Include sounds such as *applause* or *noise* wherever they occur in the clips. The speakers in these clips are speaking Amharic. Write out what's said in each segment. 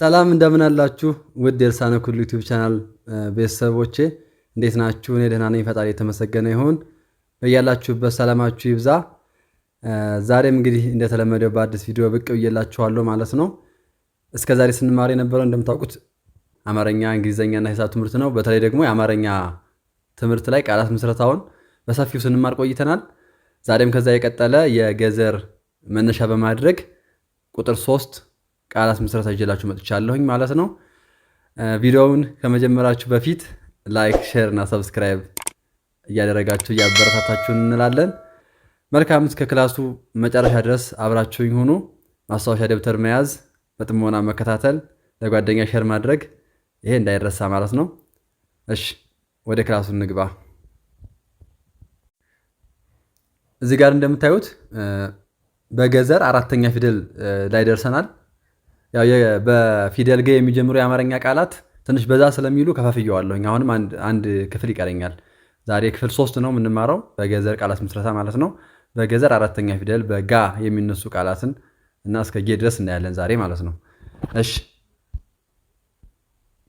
ሰላም እንደምን አላችሁ? ውድ የልሳነ ኩሉ ቻናል ቤተሰቦቼ እንዴት ናችሁ? እኔ ደህና ነኝ፣ ፈጣሪ የተመሰገነ ይሁን። በያላችሁበት ሰላማችሁ ይብዛ። ዛሬም እንግዲህ እንደተለመደው በአዲስ ቪዲዮ ብቅ ብዬላችኋለሁ ማለት ነው። እስከ ዛሬ ስንማር የነበረው እንደምታውቁት አማርኛ፣ እንግሊዝኛና ሂሳብ ትምህርት ነው። በተለይ ደግሞ የአማርኛ ትምህርት ላይ ቃላት ምስረታውን በሰፊው ስንማር ቆይተናል። ዛሬም ከዛ የቀጠለ የገዘር መነሻ በማድረግ ቁጥር ሶስት ቃላት ምስረታ ይዤላችሁ መጥቻለሁኝ ማለት ነው። ቪዲዮውን ከመጀመራችሁ በፊት ላይክ፣ ሼር እና ሰብስክራይብ እያደረጋችሁ እያበረታታችሁን እንላለን። መልካም እስከ ክላሱ መጨረሻ ድረስ አብራችሁኝ ሁኑ። ማስታወሻ ደብተር መያዝ፣ በጥሞና መከታተል፣ ለጓደኛ ሼር ማድረግ ይሄ እንዳይረሳ ማለት ነው። እሺ ወደ ክላሱ እንግባ። እዚህ ጋር እንደምታዩት በገዘር አራተኛ ፊደል ላይ ደርሰናል። በፊደል ገ የሚጀምሩ የአማርኛ ቃላት ትንሽ በዛ ስለሚሉ ከፋፍየዋለሁኝ። አሁንም አንድ ክፍል ይቀረኛል። ዛሬ ክፍል ሶስት ነው የምንማረው፣ በገዘር ቃላት ምስረታ ማለት ነው። በገዘር አራተኛ ፊደል በጋ የሚነሱ ቃላትን እና እስከ ጌ ድረስ እናያለን ዛሬ ማለት ነው። እሺ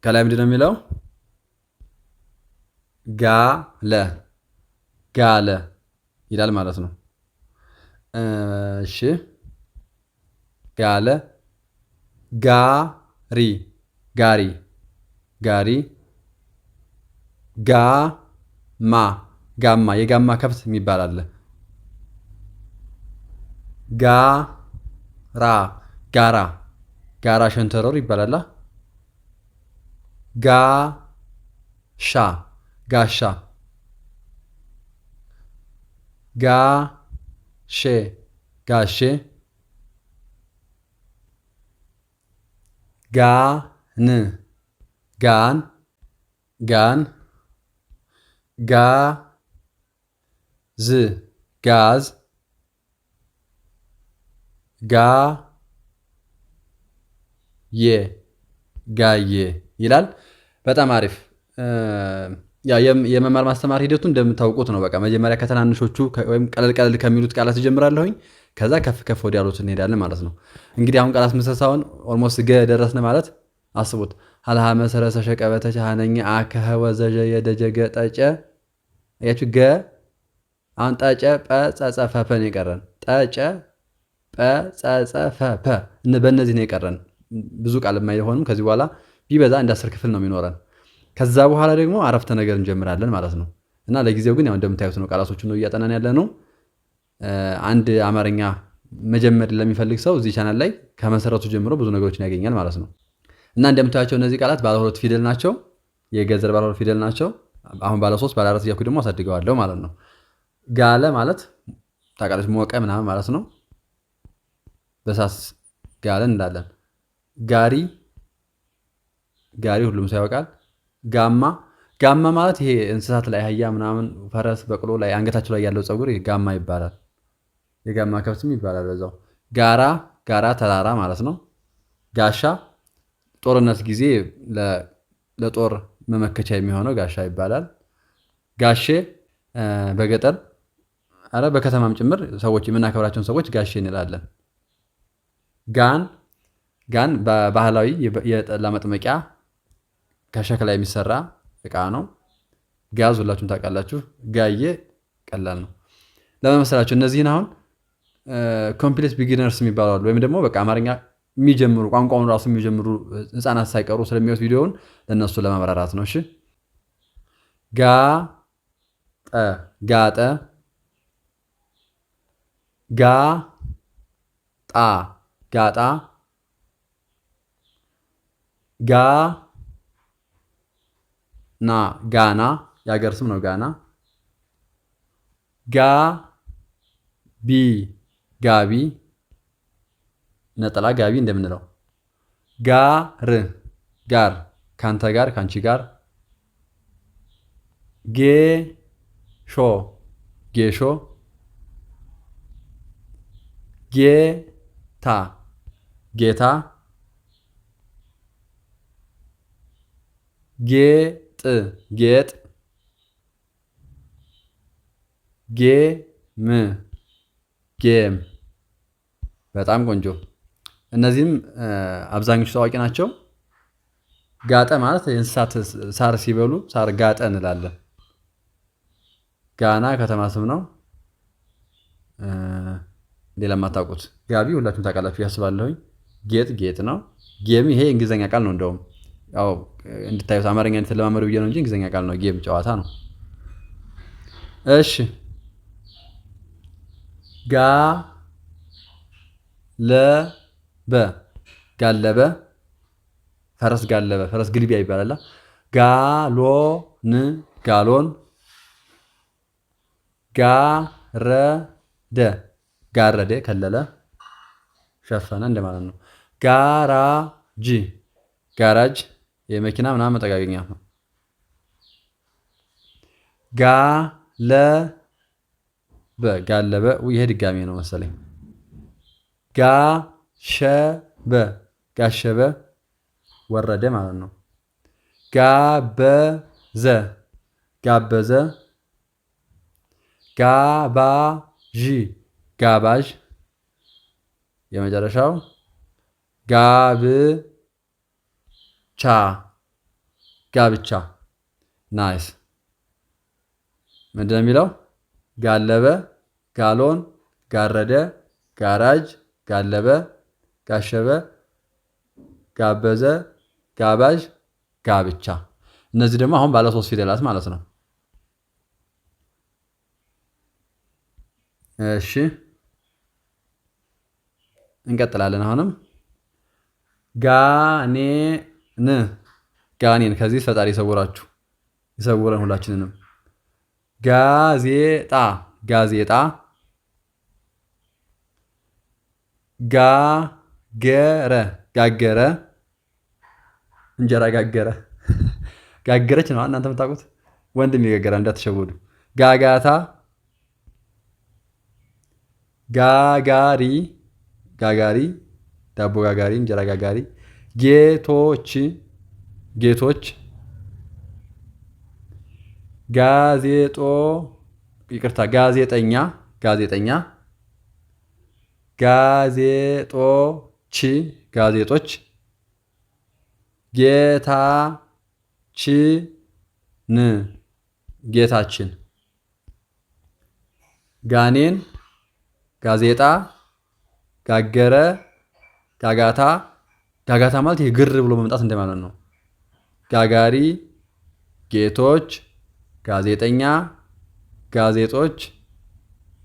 ከላይ ምንድን ነው የሚለው? ጋለ ጋለ ይላል ማለት ነው። እሺ ጋለ ጋሪ ጋሪ ጋሪ ጋማ ጋማ የጋማ ከብት የሚባል አለ። ጋራ ጋራ ጋራ ሸንተረር ይባላላ። ጋሻ ጋሻ ጋሼ ጋሼ ጋን ጋን ጋን ጋዝ ጋዝ ጋየ ጋየ ይላል። በጣም አሪፍ። የመማር ማስተማር ሂደቱ እንደምታውቁት ነው። በቃ መጀመሪያ ከትናንሾቹ ወይም ቀለል ቀለል ከሚሉት ቃላት ጀምራለሁኝ። ከዛ ከፍ ከፍ ወደ ያሉት እንሄዳለን ማለት ነው። እንግዲህ አሁን ቃላት ምሰሳውን ኦልሞስት ገ ደረስን ማለት አስቡት። ሀልሃ መሰረሰ ሸቀበተ ሀነኝ አከህ ወዘጀ የደጀ ገ ጠጨ ያቹ ገ አሁን ጠጨ ነው የቀረን ጠጨ እነ በእነዚህ ነው የቀረን። ብዙ ቃል የማይሆንም ከዚህ በኋላ ቢበዛ እንደ አስር ክፍል ነው የሚኖረን። ከዛ በኋላ ደግሞ አረፍተ ነገር እንጀምራለን ማለት ነው። እና ለጊዜው ግን ያው እንደምታዩት ነው ቃላቶቹ ነው እያጠናን ያለ ነው። አንድ አማርኛ መጀመር ለሚፈልግ ሰው እዚህ ቻናል ላይ ከመሰረቱ ጀምሮ ብዙ ነገሮችን ያገኛል ማለት ነው። እና እንደምታያቸው እነዚህ ቃላት ባለሁለት ፊደል ናቸው። የገዘር ባለሁለት ፊደል ናቸው። አሁን ባለሶስት ባለአራት እያልኩ ደግሞ አሳድገዋለሁ ማለት ነው። ጋለ ማለት ታውቃለች፣ ሞቀ ምናምን ማለት ነው። በሳስ ጋለን እንዳለን። ጋሪ ጋሪ ሁሉም ሰው ያውቃል። ጋማ ጋማ ማለት ይሄ እንስሳት ላይ አህያ ምናምን፣ ፈረስ፣ በቅሎ ላይ አንገታቸው ላይ ያለው ፀጉር ጋማ ይባላል። የጋማ ከብትም ይባላል በዛው። ጋራ ጋራ ተራራ ማለት ነው። ጋሻ ጦርነት ጊዜ ለጦር መመከቻ የሚሆነው ጋሻ ይባላል። ጋሼ በገጠር አረ በከተማም ጭምር ሰዎች የምናከብራቸውን ሰዎች ጋሼ እንላለን። ጋን ጋን ባህላዊ የጠላ መጥመቂያ ከሸክላ የሚሰራ እቃ ነው። ጋዝ ሁላችሁም ታውቃላችሁ። ጋዬ ቀላል ነው ለመመሰላችሁ እነዚህን አሁን ኮምፕሌት ቢግነርስ የሚባሉ አሉ። ወይም ደግሞ በቃ አማርኛ የሚጀምሩ ቋንቋውን ራሱ የሚጀምሩ ህፃናት ሳይቀሩ ስለሚወት ቪዲዮውን ለእነሱ ለማብራራት ነው። እሺ ጋጠ ጋጠ ጋጣ ጋጣ ጋና ጋና የሀገር ስም ነው። ጋና ጋ ቢ ጋቢ ነጠላ ጋቢ እንደምንለው ጋር ጋር ካንተ ጋር ካንቺ ጋር ጌሾ ጌሾ ጌታ ጌታ ጌጥ ጌጥ ጌም ጌም በጣም ቆንጆ። እነዚህም አብዛኞቹ ታዋቂ ናቸው። ጋጠ ማለት የእንስሳት ሳር ሲበሉ ሳር ጋጠ እንላለን። ጋና ከተማ ስም ነው። ሌላ የማታውቁት ጋቢ ሁላችሁም ታውቃላችሁ ያስባለሁኝ። ጌጥ ጌጥ ነው። ጌም ይሄ እንግሊዝኛ ቃል ነው። እንደውም ያው እንድታዩት አማርኛ እንድትለማመዱ ብዬ ነው እንጂ እንግሊዝኛ ቃል ነው። ጌም ጨዋታ ነው። እሺ ጋለበ ጋለበ ፈረስ ጋለበ ፈረስ ግልቢያ ይባላል። ጋሎን ጋሎን ጋረደ ጋረደ ከለለ ሸፈነ እንደማለት ነው። ጋራጅ ጋራጅ የመኪና ምናምን መጠጋገኛ ነው። ጋለ በጋለበ ይሄ ድጋሜ ነው መሰለኝ። ጋሸበ ጋሸበ ወረደ ማለት ነው። ጋበዘ ጋበዘ ጋባዥ ጋባዥ የመጨረሻው ጋብቻ ጋብቻ ናይስ ምንድን ነው የሚለው? ጋለበ፣ ጋሎን፣ ጋረደ፣ ጋራጅ፣ ጋለበ፣ ጋሸበ፣ ጋበዘ፣ ጋባዥ፣ ጋብቻ። እነዚህ ደግሞ አሁን ባለ ሶስት ፊደላት ማለት ነው። እሺ እንቀጥላለን። አሁንም ጋኔን ጋኔን፣ ከዚህ ፈጣሪ ይሰውራችሁ፣ ይሰውረን ሁላችንንም። ጋዜጣ ጋዜጣ ጋገረ ጋገረ እንጀራ ጋገረ *laughs* ጋገረች ነው እናንተ የምታውቁት ወንድም የጋገረ እንዳትሸወዱ ጋጋታ ጋጋሪ ጋጋሪ ዳቦ ጋጋሪ እንጀራ ጋጋሪ ጌቶች ጌቶች ጋዜጦ ይቅርታ፣ ጋዜጠኛ ጋዜጠኛ ጋዜጦች ጋዜጦች ጌታችን ጌታችን ጋኔን ጋዜጣ ጋገረ ጋጋታ ጋጋታ ማለት ይህ ግር ብሎ መምጣት እንደማለት ነው። ጋጋሪ ጌቶች ጋዜጠኛ ጋዜጦች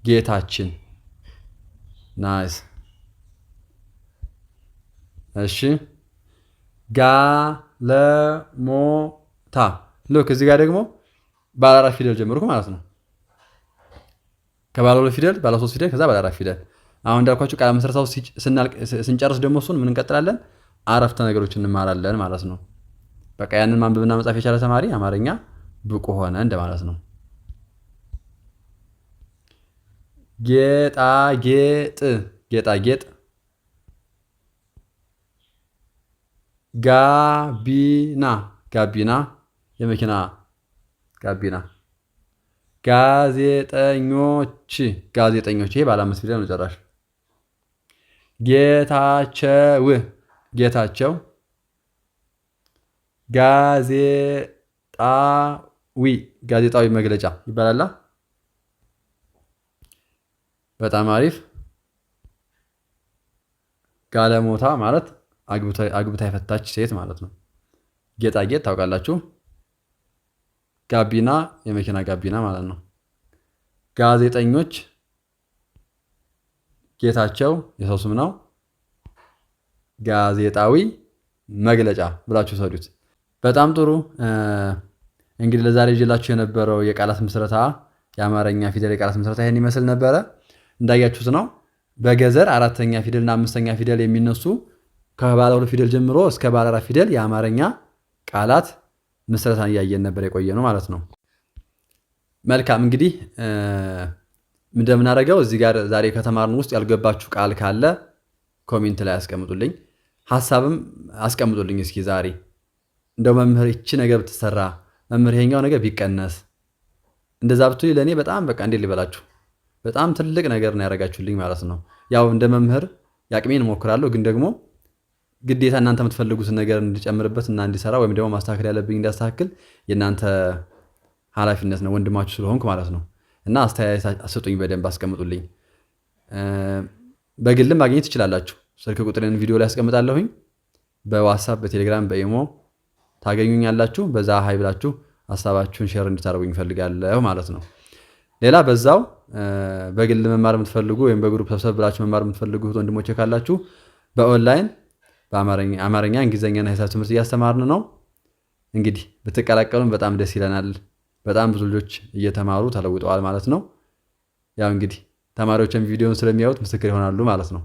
ጌታችን ናይስ እሺ ጋለሞታ ልክ እዚህ ጋር ደግሞ ባለ አራት ፊደል ጀምሩኩ ማለት ነው ከባለ ሁለት ፊደል ባለ ሶስት ፊደል ከዛ ባለ አራት ፊደል አሁን እንዳልኳቸው ቃለ መሰረታው ስንጨርስ ደግሞ እሱን ምን እንቀጥላለን አረፍተ ነገሮች እንማራለን ማለት ነው በቃ ያንን ማንበብና መጻፍ የቻለ ተማሪ አማርኛ ብቁ ሆነ እንደማለት ነው። ጌጣጌጥ ጌጣጌጥ ጋቢና ጋቢና የመኪና ጋቢና ጋዜጠኞች ጋዜጠኞች ይሄ ባለ አምስት ፊደል ነው ጨራሽ ጌታቸው ጌታቸው ጋዜጣ ዊ ጋዜጣዊ መግለጫ ይባላላ። በጣም አሪፍ። ጋለሞታ ማለት አግብታ የፈታች ሴት ማለት ነው። ጌጣጌጥ ታውቃላችሁ። ጋቢና የመኪና ጋቢና ማለት ነው። ጋዜጠኞች ጌታቸው የሰው ስም ነው። ጋዜጣዊ መግለጫ ብላችሁ ሰዱት። በጣም ጥሩ። እንግዲህ ለዛሬ ይዤላችሁ የነበረው የቃላት ምስረታ የአማርኛ ፊደል የቃላት ምስረታ ይህን ይመስል ነበረ። እንዳያችሁት ነው በገዘር አራተኛ ፊደልና አምስተኛ ፊደል የሚነሱ ከባለ ሁለት ፊደል ጀምሮ እስከ ባለ አራት ፊደል የአማርኛ ቃላት ምስረታን እያየን ነበር የቆየ ነው ማለት ነው። መልካም እንግዲህ እንደምናደርገው እዚህ ጋር ዛሬ ከተማርን ውስጥ ያልገባችሁ ቃል ካለ ኮሜንት ላይ አስቀምጡልኝ፣ ሀሳብም አስቀምጡልኝ። እስኪ ዛሬ እንደው መምህር ይቺ ነገር ብትሰራ መምህር ይሄኛው ነገር ቢቀነስ እንደዛ ብትሉ ለእኔ በጣም በቃ እንዴት ሊበላችሁ በጣም ትልቅ ነገር ነው ያደረጋችሁልኝ ማለት ነው። ያው እንደ መምህር የአቅሜን እሞክራለሁ፣ ግን ደግሞ ግዴታ እናንተ የምትፈልጉትን ነገር እንድጨምርበት እና እንዲሰራ ወይም ደግሞ ማስተካከል ያለብኝ እንዲያስተካክል የእናንተ ኃላፊነት ነው ወንድማችሁ ስለሆንኩ ማለት ነው። እና አስተያየት አስጡኝ፣ በደንብ አስቀምጡልኝ። በግልም ማግኘት ትችላላችሁ። ስልክ ቁጥርን ቪዲዮ ላይ አስቀምጣለሁኝ። በዋትሳፕ፣ በቴሌግራም፣ በኢሞ ታገኙኛላችሁ። በዛ ሀይ ብላችሁ ሀሳባችሁን ሼር እንድታደርጉኝ ይፈልጋለሁ ማለት ነው። ሌላ በዛው በግል መማር የምትፈልጉ ወይም በግሩፕ ሰብሰብ ብላችሁ መማር የምትፈልጉ ወንድሞቼ ካላችሁ በኦንላይን በአማርኛ እንግሊዝኛና ሂሳብ ትምህርት እያስተማርን ነው። እንግዲህ ብትቀላቀሉን በጣም ደስ ይለናል። በጣም ብዙ ልጆች እየተማሩ ተለውጠዋል ማለት ነው። ያው እንግዲህ ተማሪዎችን ቪዲዮን ስለሚያዩት ምስክር ይሆናሉ ማለት ነው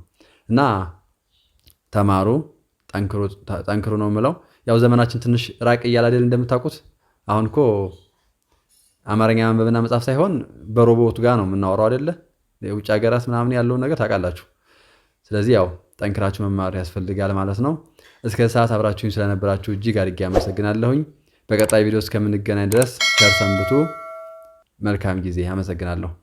እና ተማሩ፣ ጠንክሩ ነው የምለው። ያው ዘመናችን ትንሽ ራቅ እያለ አይደል እንደምታውቁት። አሁን እኮ አማርኛ ማንበብና መጻፍ ሳይሆን በሮቦቱ ጋር ነው የምናወራው አይደለ? የውጭ ሀገራት ምናምን ያለውን ነገር ታውቃላችሁ። ስለዚህ ያው ጠንክራችሁ መማር ያስፈልጋል ማለት ነው። እስከ ሰዓት አብራችሁኝ ስለነበራችሁ እጅግ አድጌ አመሰግናለሁኝ። በቀጣይ ቪዲዮ እስከምንገናኝ ድረስ ቸር ሰንብቱ። መልካም ጊዜ። አመሰግናለሁ።